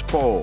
Spor.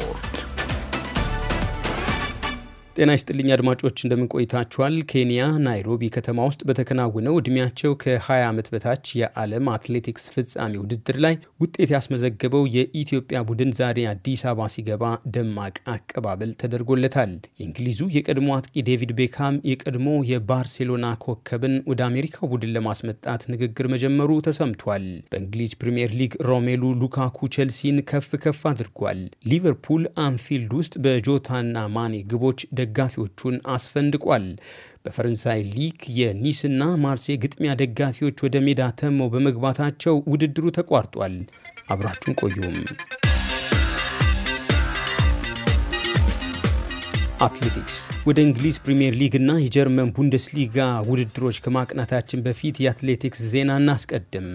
ጤና ይስጥልኝ አድማጮች፣ እንደምን ቆይታችኋል? ኬንያ ናይሮቢ ከተማ ውስጥ በተከናወነው እድሜያቸው ከ20 ዓመት በታች የዓለም አትሌቲክስ ፍጻሜ ውድድር ላይ ውጤት ያስመዘገበው የኢትዮጵያ ቡድን ዛሬ አዲስ አበባ ሲገባ ደማቅ አቀባበል ተደርጎለታል። የእንግሊዙ የቀድሞ አጥቂ ዴቪድ ቤካም የቀድሞ የባርሴሎና ኮከብን ወደ አሜሪካው ቡድን ለማስመጣት ንግግር መጀመሩ ተሰምቷል። በእንግሊዝ ፕሪምየር ሊግ ሮሜሉ ሉካኩ ቼልሲን ከፍ ከፍ አድርጓል። ሊቨርፑል አንፊልድ ውስጥ በጆታና ማኔ ግቦች ደጋፊዎቹን አስፈንድቋል። በፈረንሳይ ሊግ የኒስና ማርሴ ግጥሚያ ደጋፊዎች ወደ ሜዳ ተመው በመግባታቸው ውድድሩ ተቋርጧል። አብራችሁን ቆዩም። አትሌቲክስ ወደ እንግሊዝ ፕሪምየር ሊግና የጀርመን ቡንደስሊጋ ውድድሮች ከማቅናታችን በፊት የአትሌቲክስ ዜና እናስቀድም።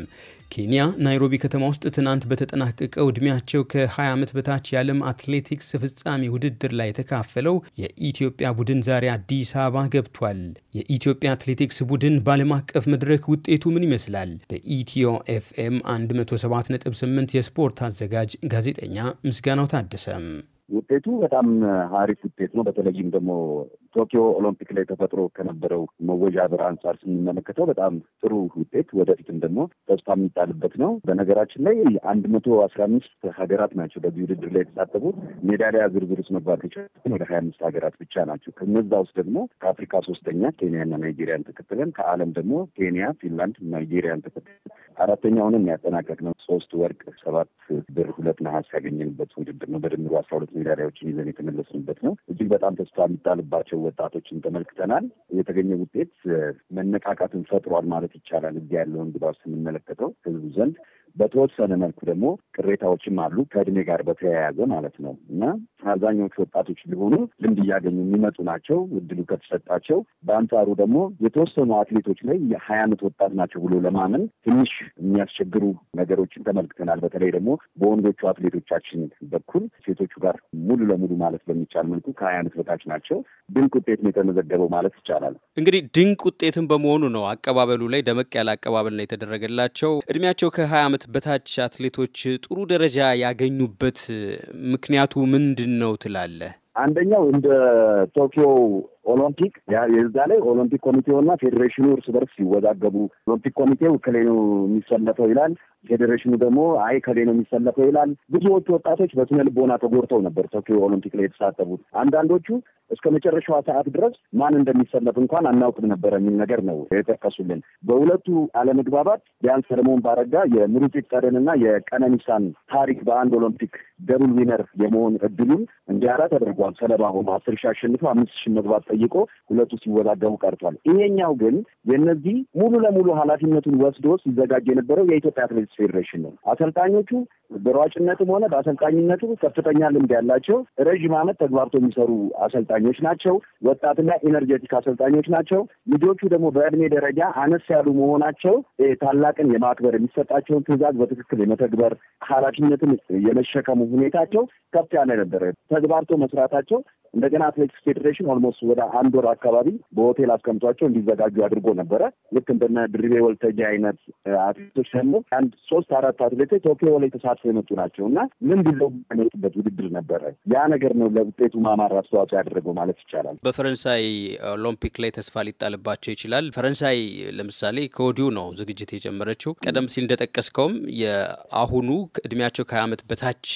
ኬንያ ናይሮቢ ከተማ ውስጥ ትናንት በተጠናቀቀው ዕድሜያቸው ከ20 ዓመት በታች የዓለም አትሌቲክስ ፍጻሜ ውድድር ላይ የተካፈለው የኢትዮጵያ ቡድን ዛሬ አዲስ አበባ ገብቷል። የኢትዮጵያ አትሌቲክስ ቡድን በዓለም አቀፍ መድረክ ውጤቱ ምን ይመስላል? በኢትዮ ኤፍኤም 107.8 የስፖርት አዘጋጅ ጋዜጠኛ ምስጋናው ታደሰም ውጤቱ በጣም አሪፍ ውጤት ነው። በተለይም ደግሞ ቶኪዮ ኦሎምፒክ ላይ ተፈጥሮ ከነበረው መወዣ ብር አንጻር ስንመለከተው በጣም ጥሩ ውጤት፣ ወደፊትም ደግሞ ተስፋ የሚጣ የሚጣልበት ነው። በነገራችን ላይ አንድ መቶ አስራ አምስት ሀገራት ናቸው በዚህ ውድድር ላይ የተሳተፉት። ሜዳሊያ ዝርዝር ውስጥ መግባት የቻሉት ወደ ሀያ አምስት ሀገራት ብቻ ናቸው። ከነዛ ውስጥ ደግሞ ከአፍሪካ ሶስተኛ ኬንያና ናይጄሪያን ተከትለን ከዓለም ደግሞ ኬንያ፣ ፊንላንድ፣ ናይጄሪያን ተከትለን አራተኛውንም ያጠናቀቅ ነው። ሶስት ወርቅ፣ ሰባት ብር፣ ሁለት ነሐስ ያገኘንበት ውድድር ነው። በድምሩ አስራ ሁለት ሜዳሊያዎችን ይዘን የተመለስንበት ነው። እጅግ በጣም ተስፋ የሚጣልባቸው ወጣቶችን ተመልክተናል። የተገኘ ውጤት መነቃቃትን ፈጥሯል ማለት ይቻላል። እዚያ ያለውን ድባብ ስንመለከተው ህዝቡ ዘንድ በተወሰነ መልኩ ደግሞ ቅሬታዎችም አሉ ከእድሜ ጋር በተያያዘ ማለት ነው እና አብዛኛዎቹ ወጣቶች ሊሆኑ ልምድ እያገኙ የሚመጡ ናቸው እድሉ ከተሰጣቸው። በአንጻሩ ደግሞ የተወሰኑ አትሌቶች ላይ የሀያ ዓመት ወጣት ናቸው ብሎ ለማመን ትንሽ የሚያስቸግሩ ነገሮችን ተመልክተናል። በተለይ ደግሞ በወንዶቹ አትሌቶቻችን በኩል ሴቶቹ ጋር ሙሉ ለሙሉ ማለት በሚቻል መልኩ ከሀያ አመት በታች ናቸው። ድንቅ ውጤት ነው የተመዘገበው ማለት ይቻላል። እንግዲህ ድንቅ ውጤትም በመሆኑ ነው አቀባበሉ ላይ ደመቅ ያለ አቀባበል ነው የተደረገላቸው። እድሜያቸው ከሀያ ከዓመት በታች አትሌቶች ጥሩ ደረጃ ያገኙበት ምክንያቱ ምንድን ነው ትላለህ? አንደኛው እንደ ቶኪዮ ኦሎምፒክ የዛ ላይ ኦሎምፒክ ኮሚቴውና ፌዴሬሽኑ እርስ በርስ ሲወዛገቡ ኦሎምፒክ ኮሚቴው ከሌ ነው የሚሰለፈው ይላል፣ ፌዴሬሽኑ ደግሞ አይ ከሌ ነው የሚሰለፈው ይላል። ብዙዎቹ ወጣቶች በስነ ልቦና ተጎድተው ነበር ቶኪዮ ኦሎምፒክ ላይ የተሳተፉት። አንዳንዶቹ እስከ መጨረሻዋ ሰዓት ድረስ ማን እንደሚሰለፍ እንኳን አናውቅም ነበር የሚል ነገር ነው የጠቀሱልን። በሁለቱ አለመግባባት ቢያንስ ሰለሞን ባረጋ የምሩጽ ይፍጠርንና የቀነኒሳን ታሪክ በአንድ ኦሎምፒክ ደብል ዊነር የመሆን እድሉን እንዲያራ ተደርጓል። ሰለባ ሆኖ አስር ሺ አሸንፎ አምስት ሺ መግባት ጠይቆ ሁለቱ ሲወዛገቡ ቀርቷል። ይሄኛው ግን የነዚህ ሙሉ ለሙሉ ኃላፊነቱን ወስዶ ሲዘጋጅ የነበረው የኢትዮጵያ አትሌቲክስ ፌዴሬሽን ነው። አሰልጣኞቹ በሯጭነትም ሆነ በአሰልጣኝነቱ ከፍተኛ ልምድ ያላቸው ረዥም ዓመት ተግባርቶ የሚሰሩ አሰልጣኞች ናቸው። ወጣትና ኤነርጀቲክ አሰልጣኞች ናቸው። ልጆቹ ደግሞ በእድሜ ደረጃ አነስ ያሉ መሆናቸው ታላቅን የማክበር የሚሰጣቸውን ትዕዛዝ በትክክል የመተግበር ኃላፊነትን የመሸከሙ ሁኔታቸው ከፍ ያለ ነበረ። ተግባርቶ መስራታቸው እንደገና አትሌቲክስ ፌዴሬሽን ኦልሞስት ወደ አንድ ወር አካባቢ በሆቴል አስቀምጧቸው እንዲዘጋጁ አድርጎ ነበረ። ልክ እንደነ ድሪቤ ወልተጊ አይነት አትሌቶች ደግሞ አንድ ሶስት አራት አትሌቶች ቶኪዮ ላይ ተሳትፎ የመጡ ናቸው እና ምን ይዘው የሚመጡበት ውድድር ነበረ። ያ ነገር ነው ለውጤቱ ማማር አስተዋጽኦ ያደረገው ማለት ይቻላል። በፈረንሳይ ኦሎምፒክ ላይ ተስፋ ሊጣልባቸው ይችላል። ፈረንሳይ ለምሳሌ ከወዲሁ ነው ዝግጅት የጀመረችው። ቀደም ሲል እንደጠቀስከውም የአሁኑ እድሜያቸው ከሀያ ዓመት በታች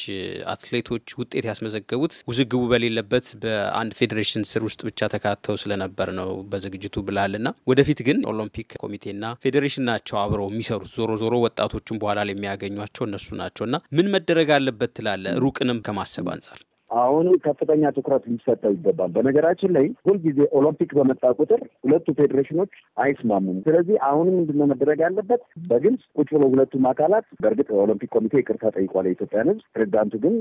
አትሌቶች ውጤት ያስመዘገቡት ውዝግቡ በሌለበት በአንድ ፌዴሬሽን ስር ውስጥ ብቻ ተካተው ስለነበር ነው በዝግጅቱ ብላልና ወደፊት ግን ኦሎምፒክ ኮሚቴና ፌዴሬሽን ናቸው አብረው የሚሰሩት። ዞሮ ዞሮ ወጣቶቹን በኋላ የሚያገኟቸው እነሱ ናቸውና ምን መደረግ አለበት ትላለ ሩቅንም ከማሰብ አንጻር አሁንም ከፍተኛ ትኩረት ሊሰጠው ይገባል። በነገራችን ላይ ሁልጊዜ ኦሎምፒክ በመጣ ቁጥር ሁለቱ ፌዴሬሽኖች አይስማሙም። ስለዚህ አሁንም ምንድነው መደረግ ያለበት? በግልጽ ቁጭ ብሎ ሁለቱም አካላት በእርግጥ ኦሎምፒክ ኮሚቴ ይቅርታ ጠይቋል የኢትዮጵያን ሕዝብ ፕሬዚዳንቱ ግን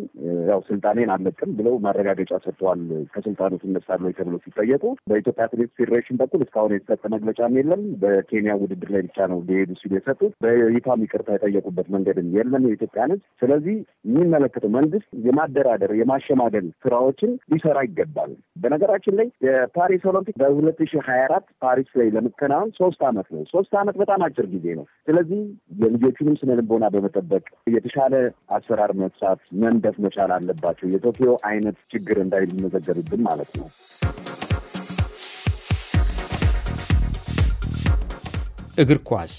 ያው ስልጣኔን አለቅም ብለው ማረጋገጫ ሰጥተዋል። ከስልጣኑ ትነሳለህ ተብሎ ሲጠየቁ በኢትዮጵያ አትሌቲክስ ፌዴሬሽን በኩል እስካሁን የተሰጠ መግለጫም የለም። በኬንያ ውድድር ላይ ብቻ ነው ሊሄዱ ሲሉ የሰጡት። በይፋም ይቅርታ የጠየቁበት መንገድም የለም የኢትዮጵያን ሕዝብ ስለዚህ የሚመለከተው መንግስት የማደራደር የማሸማ የማደን ስራዎችን ሊሰራ ይገባል። በነገራችን ላይ የፓሪስ ኦሎምፒክ በሁለት ሺህ ሀያ አራት ፓሪስ ላይ ለመከናወን ሶስት አመት ነው። ሶስት አመት በጣም አጭር ጊዜ ነው። ስለዚህ የልጆቹንም ስነ ልቦና በመጠበቅ የተሻለ አሰራር መስራት መንደፍ መቻል አለባቸው። የቶኪዮ አይነት ችግር እንዳይመዘገብብን ማለት ነው። እግር ኳስ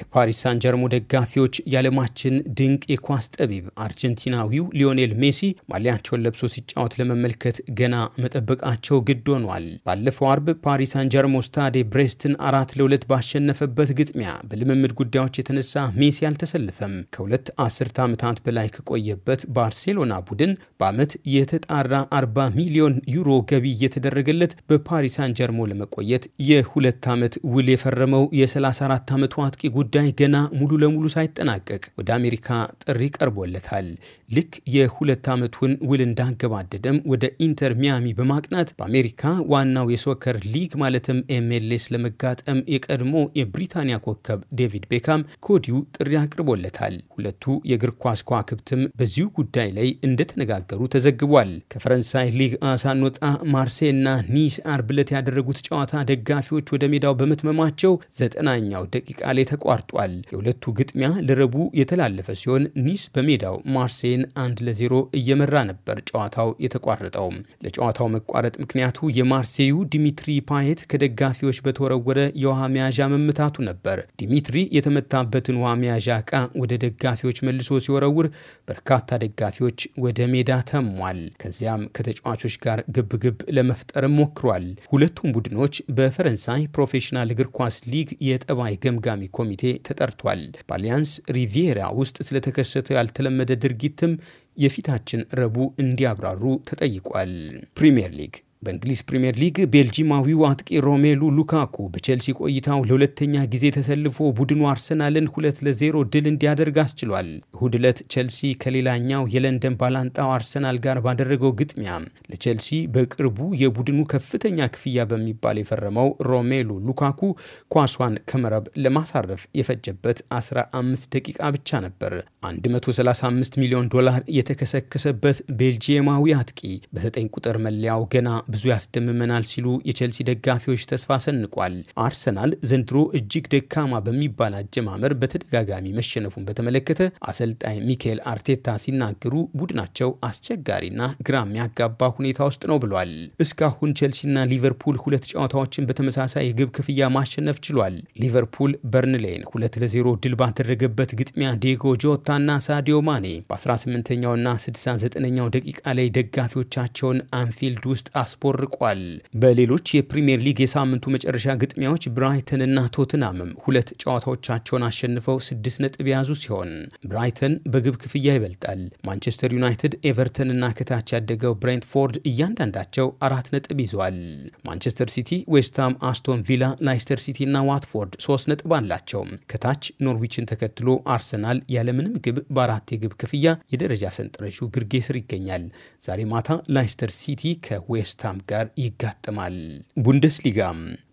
የፓሪስ ሳን ጀርሞ ደጋፊዎች የዓለማችን ድንቅ የኳስ ጠቢብ አርጀንቲናዊው ሊዮኔል ሜሲ ማሊያቸውን ለብሶ ሲጫወት ለመመልከት ገና መጠበቃቸው ግድ ሆኗል። ባለፈው አርብ ፓሪስ ሳን ጀርሞ ስታዴ ብሬስትን አራት ለሁለት ባሸነፈበት ግጥሚያ በልምምድ ጉዳዮች የተነሳ ሜሲ አልተሰለፈም። ከሁለት አስርት ዓመታት በላይ ከቆየበት ባርሴሎና ቡድን በዓመት የተጣራ 40 ሚሊዮን ዩሮ ገቢ እየተደረገለት በፓሪስ ሳን ጀርሞ ለመቆየት የሁለት ዓመት ውል የፈረመው የ34 ዓመቱ አጥቂ ጉዳይ ገና ሙሉ ለሙሉ ሳይጠናቀቅ ወደ አሜሪካ ጥሪ ቀርቦለታል። ልክ የሁለት ዓመቱን ውል እንዳገባደደም ወደ ኢንተር ሚያሚ በማቅናት በአሜሪካ ዋናው የሶከር ሊግ ማለትም ኤምኤልኤስ ለመጋጠም የቀድሞ የብሪታንያ ኮከብ ዴቪድ ቤካም ከወዲሁ ጥሪ አቅርቦለታል። ሁለቱ የእግር ኳስ ከዋክብትም በዚሁ ጉዳይ ላይ እንደተነጋገሩ ተዘግቧል። ከፈረንሳይ ሊግ አሳንወጣ ማርሴይና ኒስ አርብ ዕለት ያደረጉት ጨዋታ ደጋፊዎች ወደ ሜዳው በመትመማቸው ዘጠናኛው ደቂቃ ላይ ተቋል ተቋርጧል። የሁለቱ ግጥሚያ ለረቡ የተላለፈ ሲሆን ኒስ በሜዳው ማርሴይን አንድ ለዜሮ እየመራ ነበር ጨዋታው የተቋረጠው። ለጨዋታው መቋረጥ ምክንያቱ የማርሴዩ ዲሚትሪ ፓየት ከደጋፊዎች በተወረወረ የውሃ መያዣ መምታቱ ነበር። ዲሚትሪ የተመታበትን ውሃ መያዣ ዕቃ ወደ ደጋፊዎች መልሶ ሲወረውር በርካታ ደጋፊዎች ወደ ሜዳ ተሟል። ከዚያም ከተጫዋቾች ጋር ግብግብ ለመፍጠርም ሞክሯል። ሁለቱም ቡድኖች በፈረንሳይ ፕሮፌሽናል እግር ኳስ ሊግ የጠባይ ገምጋሚ ኮሚቴ ኮሚቴ ተጠርቷል። በአሊያንስ ሪቪየራ ውስጥ ስለተከሰተው ያልተለመደ ድርጊትም የፊታችን ረቡዕ እንዲያብራሩ ተጠይቋል። ፕሪምየር ሊግ በእንግሊዝ ፕሪምየር ሊግ ቤልጂማዊው አጥቂ ሮሜሉ ሉካኩ በቼልሲ ቆይታው ለሁለተኛ ጊዜ ተሰልፎ ቡድኑ አርሰናልን ሁለት ለዜሮ ድል እንዲያደርግ አስችሏል። እሁድ ዕለት ቼልሲ ከሌላኛው የለንደን ባላንጣው አርሰናል ጋር ባደረገው ግጥሚያ ለቼልሲ በቅርቡ የቡድኑ ከፍተኛ ክፍያ በሚባል የፈረመው ሮሜሉ ሉካኩ ኳሷን ከመረብ ለማሳረፍ የፈጀበት 15 ደቂቃ ብቻ ነበር። 135 ሚሊዮን ዶላር የተከሰከሰበት ቤልጂየማዊ አጥቂ በ9 ቁጥር መለያው ገና ብዙ ያስደምመናል ሲሉ የቼልሲ ደጋፊዎች ተስፋ ሰንቋል። አርሰናል ዘንድሮ እጅግ ደካማ በሚባል አጀማመር በተደጋጋሚ መሸነፉን በተመለከተ አሰልጣኝ ሚካኤል አርቴታ ሲናገሩ ቡድናቸው አስቸጋሪና ግራ የሚያጋባ ሁኔታ ውስጥ ነው ብሏል። እስካሁን ቼልሲና ሊቨርፑል ሁለት ጨዋታዎችን በተመሳሳይ የግብ ክፍያ ማሸነፍ ችሏል። ሊቨርፑል በርንሌይን ሁለት ለዜሮ ድል ባደረገበት ግጥሚያ ዲዮጎ ጆታና ሳዲዮ ማኔ በ18ኛውና 69ኛው ደቂቃ ላይ ደጋፊዎቻቸውን አንፊልድ ውስጥ አስ አስቦርቋል። በሌሎች የፕሪምየር ሊግ የሳምንቱ መጨረሻ ግጥሚያዎች ብራይተንና ቶትናምም ሁለት ጨዋታዎቻቸውን አሸንፈው ስድስት ነጥብ የያዙ ሲሆን ብራይተን በግብ ክፍያ ይበልጣል። ማንቸስተር ዩናይትድ፣ ኤቨርተንና ከታች ያደገው ብሬንትፎርድ እያንዳንዳቸው አራት ነጥብ ይዘዋል። ማንቸስተር ሲቲ፣ ዌስትሃም፣ አስቶን ቪላ፣ ላይስተር እና ዋትፎርድ ሶስት ነጥብ አላቸው። ከታች ኖርዊችን ተከትሎ አርሰናል ያለምንም ግብ በአራት የግብ ክፍያ የደረጃ ሰንጠረዡ ግርጌ ስር ይገኛል። ዛሬ ማታ ላይስተር ሲቲ ከዌስትሃም ሆፈንሃይም ጋር ይጋጥማል። ቡንደስሊጋ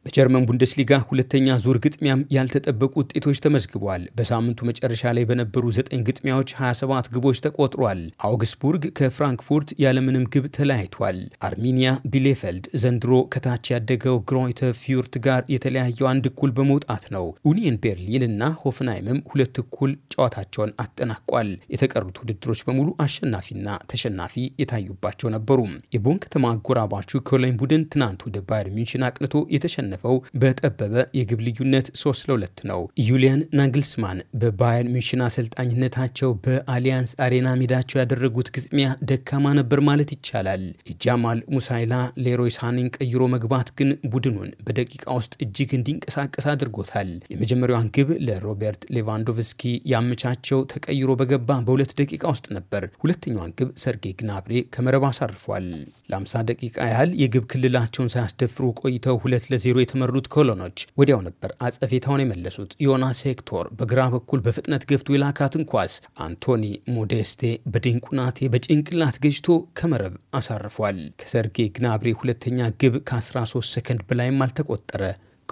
በጀርመን ቡንደስሊጋ ሁለተኛ ዙር ግጥሚያም ያልተጠበቁ ውጤቶች ተመዝግበዋል። በሳምንቱ መጨረሻ ላይ በነበሩ ዘጠኝ ግጥሚያዎች 27 ግቦች ተቆጥሯል። አውግስቡርግ ከፍራንክፉርት ያለምንም ግብ ተለያይቷል። አርሚኒያ ቢሌፈልድ ዘንድሮ ከታች ያደገው ግሮይተ ፊዩርት ጋር የተለያየው አንድ እኩል በመውጣት ነው። ዩኒየን ቤርሊን እና ሆፍንሃይምም ሁለት እኩል ጨዋታቸውን አጠናቋል። የተቀሩት ውድድሮች በሙሉ አሸናፊና ተሸናፊ የታዩባቸው ነበሩ። የቦን ከተማ አጎራባቹ ኮሎኝ ቡድን ትናንት ወደ ባየር ሚንሽን አቅንቶ የተሸነፈ ያሸነፈው በጠበበ የግብ ልዩነት ሶስት ለሁለት ነው። ዩሊያን ናግልስማን በባየርን ሚሽን አሰልጣኝነታቸው በአሊያንስ አሬና ሜዳቸው ያደረጉት ግጥሚያ ደካማ ነበር ማለት ይቻላል። ጃማል ሙሳይላ ሌሮይ ሳኔን ቀይሮ መግባት ግን ቡድኑን በደቂቃ ውስጥ እጅግ እንዲንቀሳቀስ አድርጎታል። የመጀመሪያዋን ግብ ለሮቤርት ሌቫንዶቭስኪ ያመቻቸው ተቀይሮ በገባ በሁለት ደቂቃ ውስጥ ነበር። ሁለተኛዋን ግብ ሰርጌይ ግናብሬ ከመረብ አሳርፏል። ለ50 ደቂቃ ያህል የግብ ክልላቸውን ሳያስደፍሩ ቆይተው ሁለት ለዜሮ የተመሩት ኮሎኖች ወዲያው ነበር አጸፌታውን የመለሱት። ዮናስ ሄክቶር በግራ በኩል በፍጥነት ገፍቶ የላካትን ኳስ አንቶኒ ሞዴስቴ በድንቁናቴ በጭንቅላት ገጅቶ ከመረብ አሳርፏል። ከሰርጌ ግናብሬ ሁለተኛ ግብ ከ13 ሰከንድ በላይም አልተቆጠረ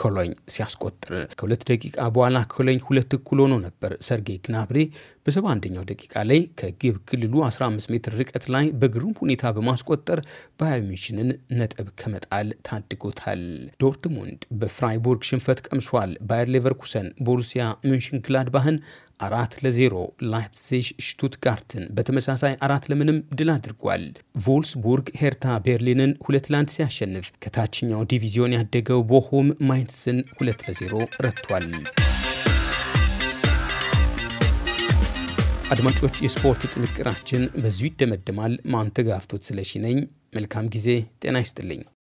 ኮሎኝ ሲያስቆጥር ከሁለት ደቂቃ በኋላ ኮሎኝ ሁለት እኩል ሆኖ ነበር። ሰርጌይ ግናብሬ በ 71 ደቂቃ ላይ ከግብ ክልሉ 15 ሜትር ርቀት ላይ በግሩም ሁኔታ በማስቆጠር ባየር ሚሽንን ነጥብ ከመጣል ታድጎታል። ዶርትሙንድ በፍራይቡርግ ሽንፈት ቀምሷል። ባየር ሌቨርኩሰን ቦሩሲያ ምንሽንግላድባህን አራት ለዜሮ ላይፕሲሽ ሽቱትጋርትን በተመሳሳይ አራት ለምንም ድል አድርጓል። ቮልስቡርግ ሄርታ ቤርሊንን ሁለት ለአንድ ሲያሸንፍ ከታችኛው ዲቪዚዮን ያደገው ቦሆም ማይንስን ሁለት ለዜሮ ረቷል። አድማጮች፣ የስፖርት ጥንቅራችን በዚሁ ይደመድማል። ማንተጋፍቶት ስለሺ ነኝ። መልካም ጊዜ። ጤና ይስጥልኝ።